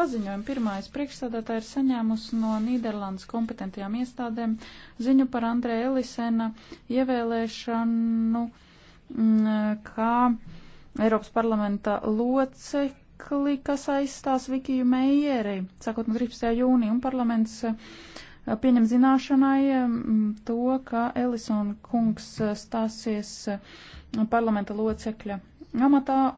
paziņojumu pirmais priekšsādātāja ir saņēmusi no Nīderlandes kompetentajām iestādēm ziņu par Andrē Elisena ievēlēšanu mm, kā Eiropas parlamenta locekli, kas aizstās Vikiju Meijeri, sākot no 13. jūnija, un parlaments eh, pieņem zināšanai mm, to, ka Elisona kungs eh, stāsies eh, parlamenta locekļa amatā